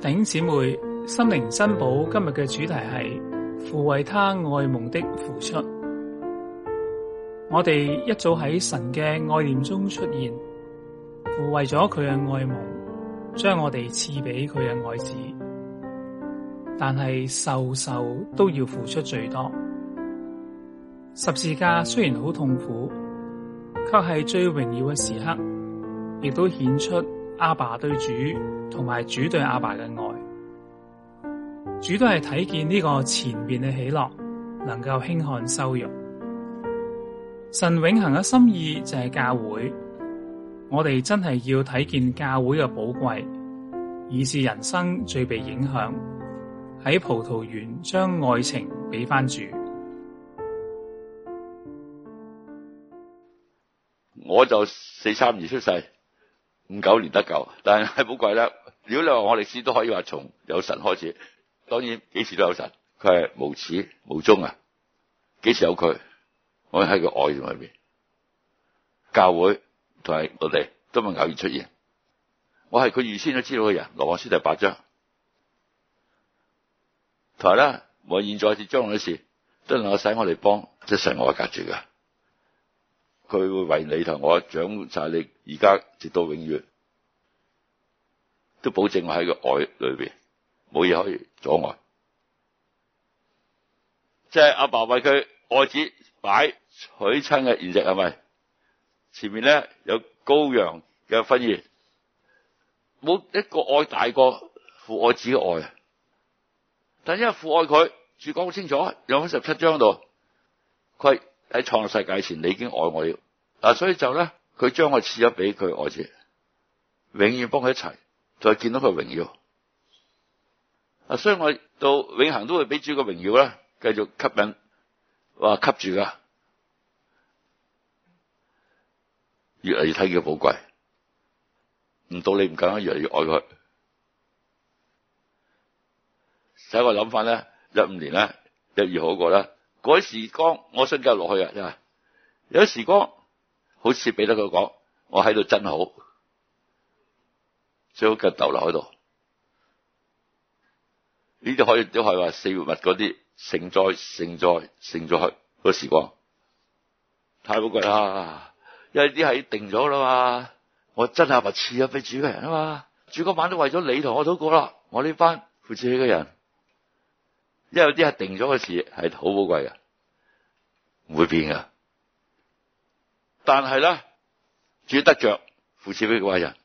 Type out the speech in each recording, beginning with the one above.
頂姊妹心靈珍寶，今日嘅主題係父為祂愛夢的付出。我哋一早喺神嘅愛念中出現，父為咗佢嘅愛夢，將我哋賜俾佢嘅愛子。但係受受都要付出最多。十字架雖然好痛苦，卻係最榮耀嘅時刻，亦都顯出。阿爸對主同埋主對阿爸嘅愛，主都係睇見呢個前面嘅喜樂，能夠輕看羞辱。神永恆嘅心意就係教會，我哋真係要睇見教會嘅寶貴，以致人生最被影響喺葡萄園將愛情俾返主。我就四三年出世。五九年得救，但係好貴咧。如果你話我歷史都可以話從有神開始，當然幾時都有神，佢係無始無終啊！幾時有佢？我喺個愛裡面，教會同埋我哋都咪偶然出現。我係佢預先都知道嘅人，羅馬書第八章。同埋咧，無論現在至將來嘅事，都能夠使我哋幫，即係神我係隔住噶。佢會為你同我掌握晒你而家，直到永遠，都保證我喺個愛裡邊，冇嘢可以阻礙。即係阿爸為佢愛子擺娶親嘅筵席係咪？前面咧有羔羊嘅婚宴，冇一個愛大過父愛子嘅愛。但因為父愛佢，主講好清楚，約十七章度，佢。喺創世界前，你已經愛我了，所以就咧，佢將我賜咗俾佢愛住，永遠幫佢一齊，再見到佢榮耀啊！所以我到永恆都會俾主嘅榮耀啦，繼續吸引，哇吸住噶，越嚟越睇佢寶貴，唔到你唔夠啊，越嚟越愛佢。使我諗法咧，一五年咧，一於好過啦。嗰時時光，我想繼續落去啊！有時時光，好似俾得佢講，我喺度真好，最好根鬥留喺度，呢啲可以都係話四活物嗰啲聖哉、聖哉、聖哉個時光，太好貴啦！因為啲係定咗啦嘛，我真係刺賜俾主嘅人啊嘛，主個晚都為咗你同我禱告啦，我呢班服侍佢嘅人。因為有啲係定咗嘅事，係好寶貴嘅，唔會變噶。但係咧，主得着付切俾佢個人，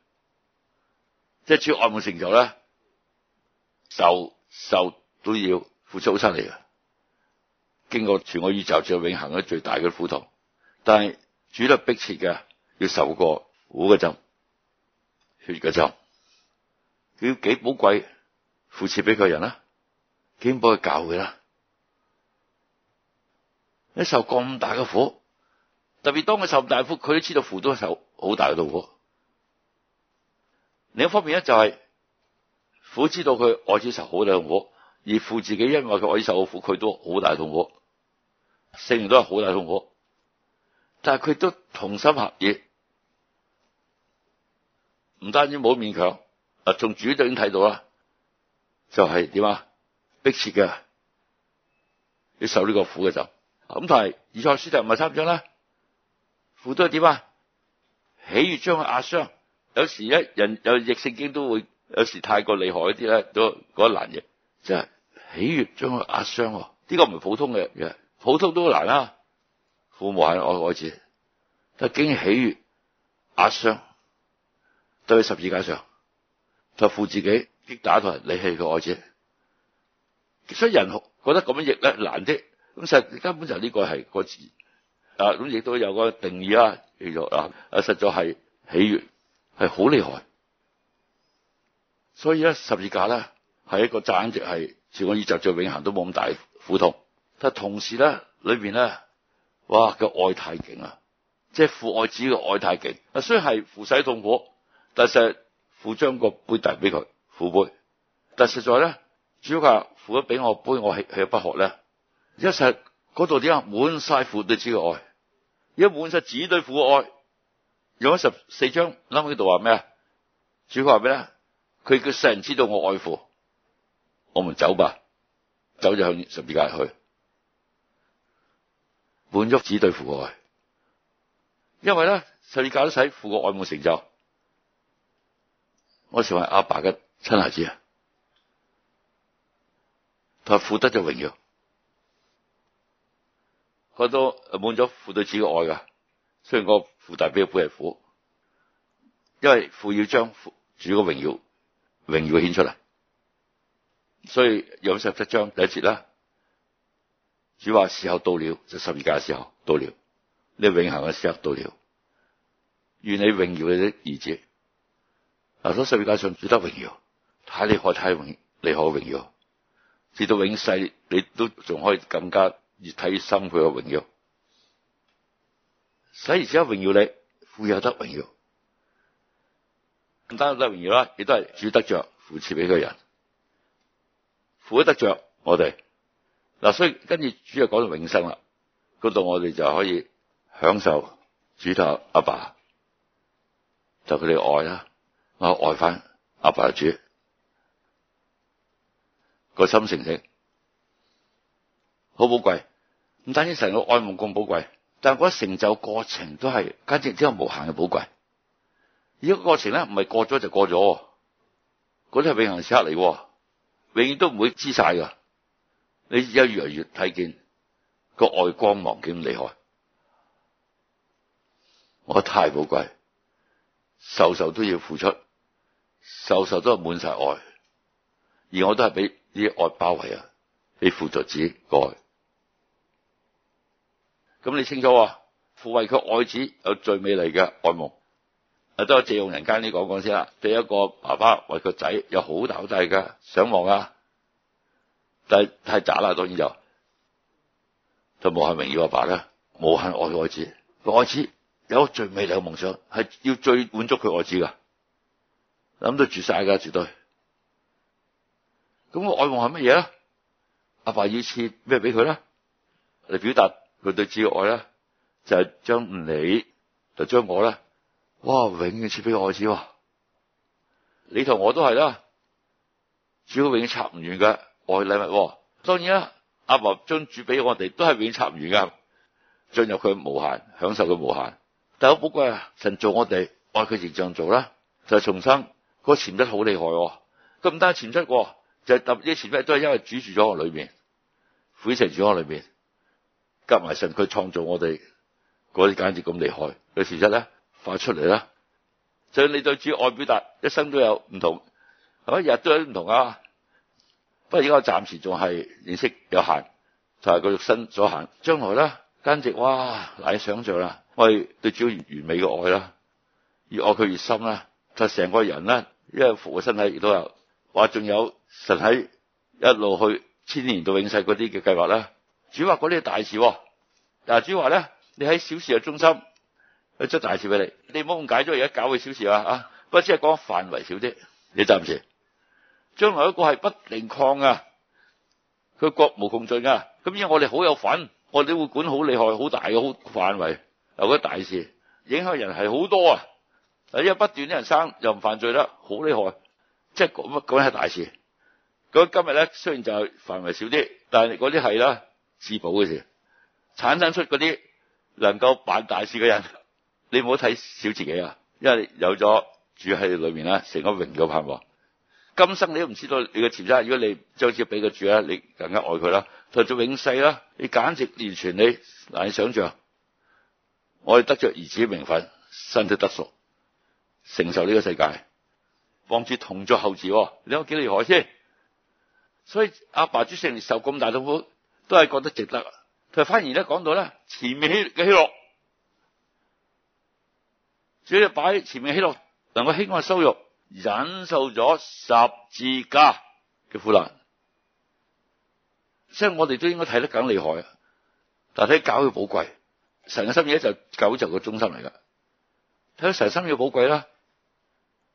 即係主愛慕成就咧，受受都要付出好犀利嘅。經過全個宇宙最永恆、最最大嘅苦痛，但係主得迫切嘅，要受過苦嘅針、血嘅針，要幾寶貴付切俾佢人啦。點幫佢教佢啦？你受咁大嘅苦，特別當佢受大苦，佢都知道父都受好大嘅痛苦。另一方面咧、就是，就係父知道佢愛子受好大嘅苦，而父自己因為佢愛子受苦，佢都好大痛苦，成日都係好大痛苦。但係佢都同心合意，唔單止冇勉強，啊，從主就已經睇到啦，就係點啊？迫切嘅，要受呢個苦嘅就咁，但係以賽亞書就唔係三章啦，苦都係點啊？喜悅將佢壓傷，有時一人有逆性經都會，有時太過厲害一啲咧，都覺得難嘅，就係、是、喜悅將佢壓傷，呢個唔係普通嘅嘢，普通都難啦、啊。父母係愛子，但經喜悅壓傷，對十字架上就父、是、自己，擊打同埋離棄佢愛子。所以人覺得咁樣譯咧難啲，咁實在根本就呢個係個字啊，咁亦都有一個定義啦。叫做啊，啊實在係喜悅，係好厲害。所以咧十字架咧係一個價值係，如果以集，最永恆都冇咁大苦痛。但同時咧裏邊咧，哇個愛太勁啊，即係父愛子嘅愛太勁。啊雖然係父使痛苦，但係父將個杯遞俾佢父杯。但是實在咧。主教付咗俾我杯，背我去係不喝咧？一實嗰度點啊？滿晒父對子嘅愛，一滿晒子對父嘅愛。用咗十四章諗喺度話咩啊？主教話咩咧？佢叫世人知道我愛父。我們走吧，走就向十字架去。滿足子對父的愛，因為咧十字架都使父嘅愛冇成就。我成為阿爸嘅親孩子啊！佢話父得就榮耀，佢都滿咗父對自嘅愛噶。雖然個父代表本係苦，因為父要將主嘅榮耀榮耀顯出嚟。所以約十七章第一節啦，主話時候到了，就是、十字架嘅時候到了，你、這個、永恒嘅時候到了，願你榮耀你的兒子。嗱，喺十字架上主得榮耀，太厲害，太榮厲害嘅榮耀。至到永世，你都仲可以更加越睇心，佢嘅榮耀。所以而家榮耀你，富有得榮耀，單單得榮耀啦，亦都係主得着扶持俾佢人，富有得着我哋。嗱，所以跟住主又講到永生啦，嗰度我哋就可以享受主頭阿爸，爸就佢哋愛啦，愛愛翻阿爸，爸主。個心成性好寶貴，唔單止成個愛夢咁寶貴，但係個成就過程都係簡直只有無限嘅寶貴。而個過程咧唔係過咗就過咗，嗰啲係永恒時刻嚟，永遠都唔會知晒噶。你而家越嚟越睇見個愛光芒幾咁厲害，我太寶貴，受受都要付出，受受都係滿晒愛，而我都係俾。呢啲愛包圍啊，你輔助自己愛，咁你清楚、啊，父為佢愛子有最美麗嘅愛夢，啊都係借用人間啲講講先啦，俾一個爸爸為個仔有好大好大嘅想望啊，但係太渣啦，當然就，就冇喊榮耀阿爸啦，冇喊愛愛子，佢愛子有最美麗嘅夢想，係要最滿足佢愛子噶，諗到住晒噶絕對。咁、那個、愛夢係乜嘢咧？阿爸要設咩俾佢咧？嚟表達佢對自嘅愛咧，就係、是、將你，就是、將我咧，哇！永遠設俾愛子、哦。你同我都係啦，主要永遠插唔完嘅愛禮物、哦。當然啦，阿爸將主俾我哋都係永遠插唔完噶，進入佢無限，享受佢無限。但好寶貴啊！神做我哋，按佢形象做啦，就係、是、重生。個潛質好厲害、哦，佢唔單止潛質、哦就係、是、特別啲，事都係因為主住咗我裏面，父神住我裏面，夾埋神佢創造我哋嗰啲簡直咁厲害嘅事實咧，快出嚟啦！就算、是、你對主愛表達，一生都有唔同，日日都有唔同啊。不過而家我暫時仲係認識有限，就係個肉身所限。將來咧，簡直哇，難以想像啦！我哋對主越完美嘅愛啦，越愛佢越深啦，就成個人咧，因為父嘅身體亦都有話，仲有。神喺一路去千年到永世嗰啲嘅計劃啦。主話嗰啲係大事，啊，喎。主話咧，你喺小事嘅中心去出大事俾你。你唔好咁解咗，而家搞嘅小事啊，啊，不過只係講範圍少啲。你暫時將來一個係不靈抗啊，佢國無窮盡噶。咁因為我哋好有份，我哋會管好厲害、好大嘅好範圍，有個大事影響人係好多啊。啊，因為不斷啲人生又唔犯罪啦，好厲害，即係咁啊，嗰啲係大事。咁今日咧，雖然就係範圍少啲，但係嗰啲係啦，自保嘅事產生出嗰啲能夠辦大事嘅人，你唔好睇小自己啊！因為你有咗住喺裏面啦，成個榮耀盼望今生你都唔知道你嘅潛質。如果你將錢俾佢住咧，你更加愛佢啦，就做永世啦。你簡直完全你難以想像。我哋得著兒子嘅名分，身體得熟，承受呢個世界，放住同作後子，你諗幾厲害先？所以阿爸主聖受咁大痛苦，都係覺得值得啊！佢反而咧講到咧前面嘅喜樂，主要擺前面喜樂能夠輕看羞辱，忍受咗十字架嘅苦難，即係我哋都應該睇得更厲害啊！但睇教會寶貴，神嘅心意咧就教會就個中心嚟噶，睇到神心意寶貴啦，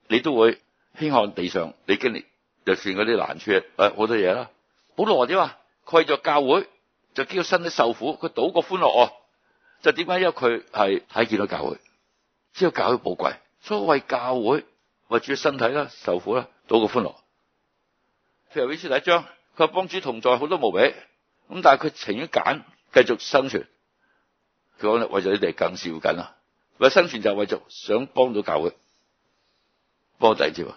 你都會輕看地上你經歷。就算嗰啲難處，誒，好多嘢啦。保羅點啊？為咗教會就叫身體受苦，佢賭個歡樂啊就點解？因為佢係睇見到教會，知道教會寶貴，所以教會為住、就是、身體啦，受苦啦，賭個歡樂。腓立比書第一章，佢話幫主同在很，好多無比。咁但係佢情願揀繼續生存。佢講咧，為咗你哋更是要緊為為生存就是為咗想幫到教會，幫我第住啊！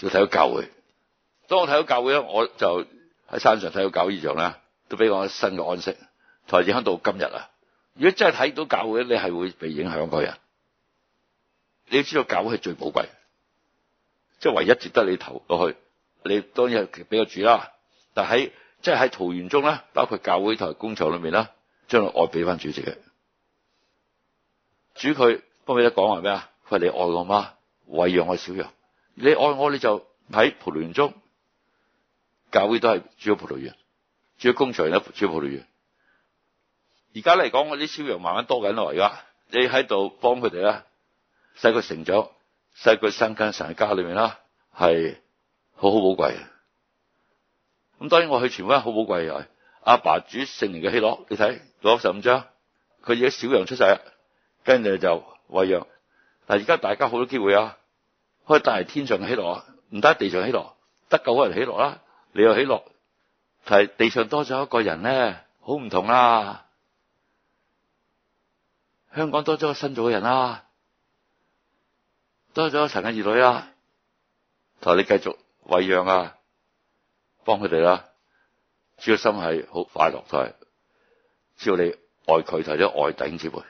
我睇到教會，當我睇到教會咧，我就喺山上睇到教會異象咧，都俾我一新嘅安息，同影響到今日啊！如果真係睇到教會咧，你係會被影響個人。你要知道教會係最寶貴，即係唯一值得你投落去。你當然係俾個主啦，但喺即係喺桃園中咧，包括教會台工場裏面啦，將愛俾翻主席嘅主他幫他是什麼？佢幫佢一講話咩啊？佢話你愛我嗎？餵養我小羊。你愛我，你就喺葡萄園中，教會都係主要葡萄園，主要工場咧，主要葡萄園。而家嚟講，我啲小羊慢慢多緊落，而家你喺度幫佢哋咧，細個成長，細個生根，神家裏面啦，係好好寶貴嘅。咁當然我去傳福音好寶貴嘅阿爸煮成年嘅喜樂，你睇六十五章，佢而家小羊出世，跟住就餵養。但而家大家好多機會啊！可以帶嚟天上起落，唔得地上起落，得救個人起落啦。你又起落，但係地上多咗一個人咧，好唔同啦、啊。香港多咗個新造嘅人啦、啊，多咗個神嘅兒女啦。同你繼續餵養啊，幫佢哋啦。主要心係好快樂，佢。只要你愛佢，就係咗愛頂之輩。